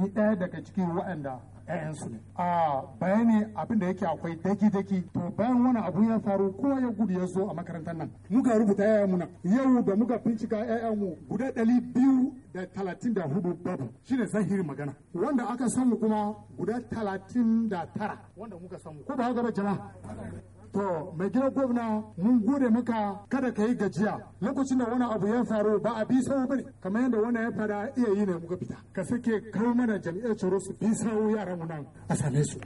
ni ɗaya daga cikin waɗanda ‘ya'yansu ne. A bayani abin da yake akwai daki-daki to bayan wani abu ya faru ko ya gudu ya zo a makarantar nan. Muka rubuta mu na yau da muka bincika ‘ya'yanmu guda ɗari biyu da talatin da hudu babu shine zahiri magana. Wanda aka san mu kuma guda talatin da tara wanda muka samu. Ko ba haka ba jama'a To mai gidan gwamna mun gode maka kada ka yi gajiya lokacin da wani abu ya faru ba a bi sawu bane kamar yadda wani ya fada iya yi ne muka fita ka sake kai mana jami'ar tsaro su bi sawu yaran mu nan a same su.